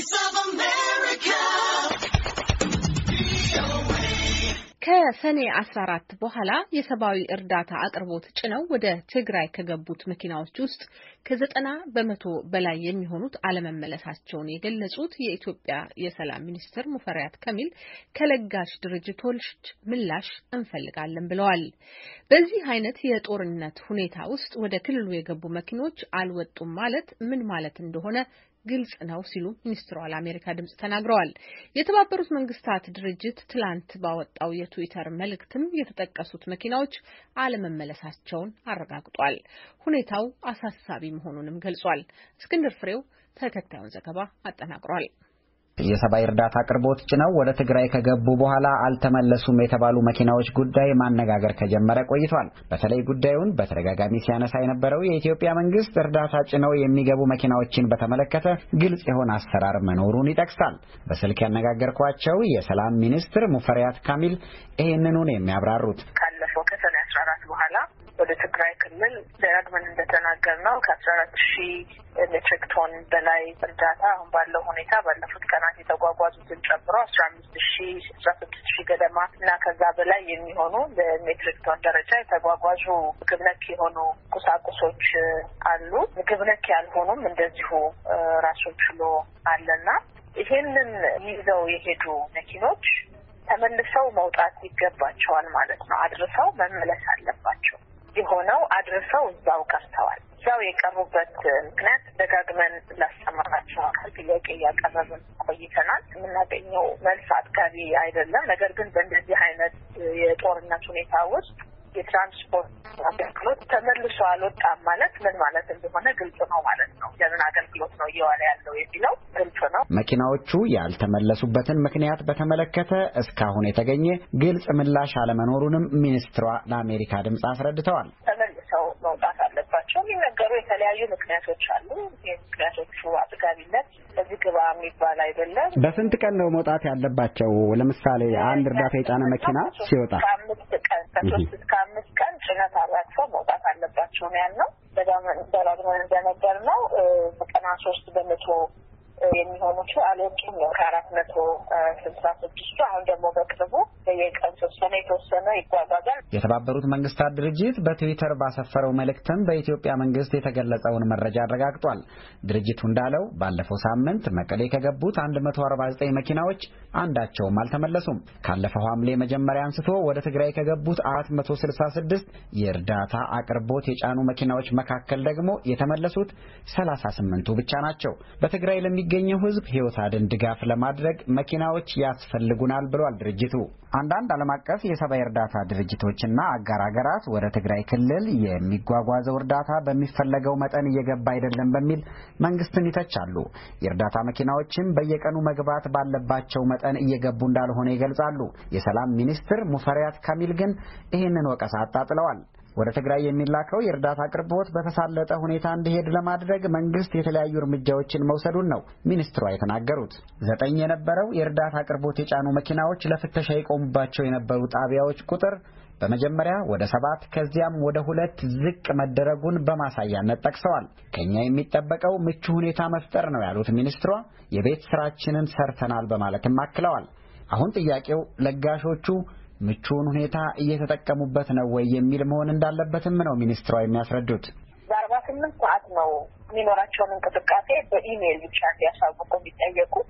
Voice of America. ከሰኔ 14 በኋላ የሰብአዊ እርዳታ አቅርቦት ጭነው ወደ ትግራይ ከገቡት መኪናዎች ውስጥ ከዘጠና በመቶ በላይ የሚሆኑት አለመመለሳቸውን የገለጹት የኢትዮጵያ የሰላም ሚኒስትር ሙፈሪያት ከሚል ከለጋሽ ድርጅቶች ምላሽ እንፈልጋለን ብለዋል። በዚህ አይነት የጦርነት ሁኔታ ውስጥ ወደ ክልሉ የገቡ መኪኖች አልወጡም ማለት ምን ማለት እንደሆነ ግልጽ ነው ሲሉ ሚኒስትሯ ለአሜሪካ ድምጽ ተናግረዋል። የተባበሩት መንግስታት ድርጅት ትላንት ባወጣው የትዊተር መልእክትም የተጠቀሱት መኪናዎች አለመመለሳቸውን አረጋግጧል። ሁኔታው አሳሳቢ መሆኑንም ገልጿል። እስክንድር ፍሬው ተከታዩን ዘገባ አጠናቅሯል። የሰብአዊ እርዳታ አቅርቦት ጭነው ወደ ትግራይ ከገቡ በኋላ አልተመለሱም የተባሉ መኪናዎች ጉዳይ ማነጋገር ከጀመረ ቆይቷል። በተለይ ጉዳዩን በተደጋጋሚ ሲያነሳ የነበረው የኢትዮጵያ መንግስት እርዳታ ጭነው የሚገቡ መኪናዎችን በተመለከተ ግልጽ የሆነ አሰራር መኖሩን ይጠቅሳል። በስልክ ያነጋገርኳቸው የሰላም ሚኒስትር ሙፈሪያት ካሚል ይህንኑን የሚያብራሩት። ወደ ትግራይ ክልል ደጋግመን ነው ከአስራ አራት ሺህ ሜትሪክ ቶን በላይ እርዳታ አሁን ባለው ሁኔታ ባለፉት ቀናት የተጓጓዙትን ጨምሮ አስራ አምስት ሺህ አስራ ስድስት ሺህ ገደማ እና ከዛ በላይ የሚሆኑ በሜትሪክ ቶን ደረጃ የተጓጓዙ ምግብ ነክ የሆኑ ቁሳቁሶች አሉ። ምግብ ነክ ያልሆኑም እንደዚሁ ራሱን ችሎ አለና ይሄንን ይዘው የሄዱ መኪኖች ተመልሰው መውጣት ይገባቸዋል ማለት ነው። አድርሰው መመለስ አለባቸው። የሆነው አድርሰው እዛው ቀርተዋል። እዛው የቀሩበት ምክንያት ደጋግመን ላስተማራቸው አካል ጥያቄ እያቀረብን ቆይተናል። የምናገኘው መልስ አጥጋቢ አይደለም። ነገር ግን በእንደዚህ አይነት የጦርነት ሁኔታ ውስጥ የትራንስፖርት አገልግሎት ተመልሶ አልወጣም ማለት ምን ማለት እንደሆነ ግልጽ ነው ማለት ነው። ለምን አገልግሎት ነው እየዋለ ያለው የሚለው ግልጽ ነው። መኪናዎቹ ያልተመለሱበትን ምክንያት በተመለከተ እስካሁን የተገኘ ግልጽ ምላሽ አለመኖሩንም ሚኒስትሯ ለአሜሪካ ድምፅ አስረድተዋል። ተመልሰው መውጣት አለባቸው የሚነገሩ የተለያዩ ምክንያቶች አሉ። የምክንያቶቹ አጥጋቢነት እዚህ ግባ የሚባል አይደለም። በስንት ቀን ነው መውጣት ያለባቸው? ለምሳሌ አንድ እርዳታ የጫነ መኪና ሲወጣ ከአምስት ቀን ከሶስት ናቸው ነው ያልነው። በጣም እንደነገር ነው በቀን ሶስት በመቶ የሚሆኑት አልወጡም ነው ከአራት መቶ ስልሳ ስድስቱ አሁን ደግሞ በቅርቡ በየቀን ተወሰነ የተወሰነ ይጓጓዛል። የተባበሩት መንግስታት ድርጅት በትዊተር ባሰፈረው መልእክትም በኢትዮጵያ መንግስት የተገለጸውን መረጃ አረጋግጧል። ድርጅቱ እንዳለው ባለፈው ሳምንት መቀሌ ከገቡት 149 መኪናዎች አንዳቸውም አልተመለሱም። ካለፈው ሐምሌ መጀመሪያ አንስቶ ወደ ትግራይ ከገቡት 466 የእርዳታ አቅርቦት የጫኑ መኪናዎች መካከል ደግሞ የተመለሱት 38ቱ ብቻ ናቸው። በትግራይ ለሚ ለሚገኘው ሕዝብ ሕይወት አድን ድጋፍ ለማድረግ መኪናዎች ያስፈልጉናል ብሏል ድርጅቱ። አንዳንድ ዓለም አቀፍ የሰብአዊ እርዳታ ድርጅቶችና አጋር አገራት ወደ ትግራይ ክልል የሚጓጓዘው እርዳታ በሚፈለገው መጠን እየገባ አይደለም በሚል መንግስትን ይተቻሉ። የእርዳታ መኪናዎችም በየቀኑ መግባት ባለባቸው መጠን እየገቡ እንዳልሆነ ይገልጻሉ። የሰላም ሚኒስትር ሙፈሪያት ካሚል ግን ይህንን ወቀሳ አጣጥለዋል። ወደ ትግራይ የሚላከው የእርዳታ አቅርቦት በተሳለጠ ሁኔታ እንዲሄድ ለማድረግ መንግስት የተለያዩ እርምጃዎችን መውሰዱን ነው ሚኒስትሯ የተናገሩት። ዘጠኝ የነበረው የእርዳታ አቅርቦት የጫኑ መኪናዎች ለፍተሻ የቆሙባቸው የነበሩ ጣቢያዎች ቁጥር በመጀመሪያ ወደ ሰባት ከዚያም ወደ ሁለት ዝቅ መደረጉን በማሳያነት ጠቅሰዋል። ከኛ የሚጠበቀው ምቹ ሁኔታ መፍጠር ነው ያሉት ሚኒስትሯ የቤት ስራችንን ሰርተናል በማለትም አክለዋል። አሁን ጥያቄው ለጋሾቹ ምቹውን ሁኔታ እየተጠቀሙበት ነው ወይ የሚል መሆን እንዳለበትም ነው ሚኒስትሯ የሚያስረዱት። በአርባ ስምንት ሰዓት ነው የሚኖራቸውን እንቅስቃሴ በኢሜይል ብቻ እንዲያሳውቁ የሚጠየቁት።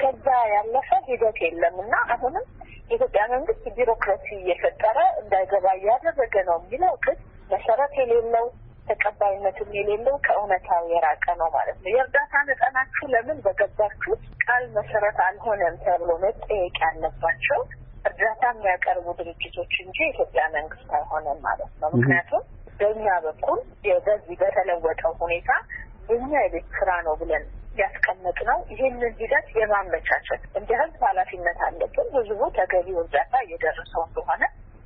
ከዛ ያለፈ ሂደት የለም እና አሁንም የኢትዮጵያ መንግስት ቢሮክራሲ እየፈጠረ እንዳይገባ እያደረገ ነው የሚለው ግን መሰረት የሌለው ተቀባይነትም የሌለው ከእውነታው የራቀ ነው ማለት ነው። የእርዳታ መጠናችሁ ለምን በገባችሁት ቃል መሰረት አልሆነም ተብሎ መጠየቅ ያለባቸው እርዳታ የሚያቀርቡ ድርጅቶች እንጂ የኢትዮጵያ መንግስት አይሆነም ማለት ነው። ምክንያቱም በእኛ በኩል በዚህ በተለወጠው ሁኔታ እኛ የቤት ስራ ነው ብለን ያስቀመጥ ነው። ይህንን ሂደት የማመቻቸት እንደ ህዝብ ኃላፊነት አለብን። ህዝቡ ተገቢው እርዳታ እየደረሰው እንደሆነ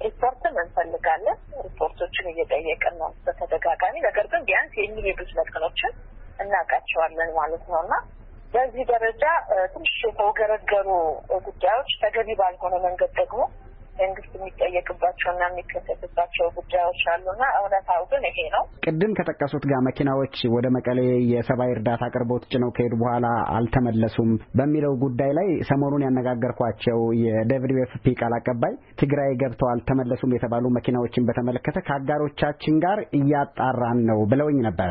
ሪፖርትም እንፈልጋለን። ሪፖርቶችን እየጠየቅን ነው በተደጋጋሚ ነገር ግን ቢያንስ የሚሄዱት መጠኖችን እናውቃቸዋለን ማለት ነው እና በዚህ ደረጃ ትንሽ የተወገረገሩ ጉዳዮች ተገቢ ባልሆነ መንገድ ደግሞ መንግስት የሚጠየቅባቸውና የሚከሰትባቸው ጉዳዮች አሉና እውነታው ግን ይሄ ነው። ቅድም ከጠቀሱት ጋር መኪናዎች ወደ መቀሌ የሰብአዊ እርዳታ አቅርቦት ጭነው ከሄዱ በኋላ አልተመለሱም በሚለው ጉዳይ ላይ ሰሞኑን ያነጋገርኳቸው የደብሊው ኤፍ ፒ ቃል አቀባይ ትግራይ ገብተው አልተመለሱም የተባሉ መኪናዎችን በተመለከተ ከአጋሮቻችን ጋር እያጣራን ነው ብለውኝ ነበረ።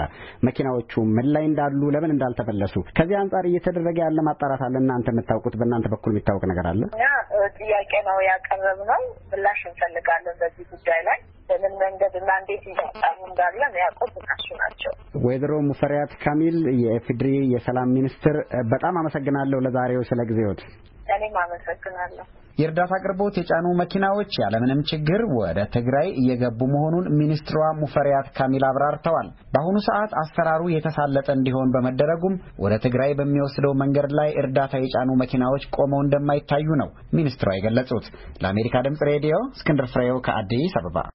መኪናዎቹ ምን ላይ እንዳሉ፣ ለምን እንዳልተመለሱ ከዚህ አንጻር እየተደረገ ያለ ማጣራት አለ። እናንተ የምታውቁት በእናንተ በኩል የሚታወቅ ነገር አለ? ጥያቄ ነው ያቀረብነው ነው። ምላሽ እንፈልጋለን በዚህ ጉዳይ ላይ በምን መንገድ እና እንዴት እያጣሙ እንዳለ ያዕቆብ እነሱ ናቸው። ወይዘሮ ሙፈሪያት ካሚል የኤፍድሪ የሰላም ሚኒስትር፣ በጣም አመሰግናለሁ ለዛሬው ስለ ጊዜዎት። እኔም አመሰግናለሁ። የእርዳታ አቅርቦት የጫኑ መኪናዎች ያለምንም ችግር ወደ ትግራይ እየገቡ መሆኑን ሚኒስትሯ ሙፈሪያት ካሚል አብራርተዋል። በአሁኑ ሰዓት አሰራሩ የተሳለጠ እንዲሆን በመደረጉም ወደ ትግራይ በሚወስደው መንገድ ላይ እርዳታ የጫኑ መኪናዎች ቆመው እንደማይታዩ ነው ሚኒስትሯ የገለጹት። ለአሜሪካ ድምጽ ሬዲዮ እስክንድር ፍሬው ከአዲስ አበባ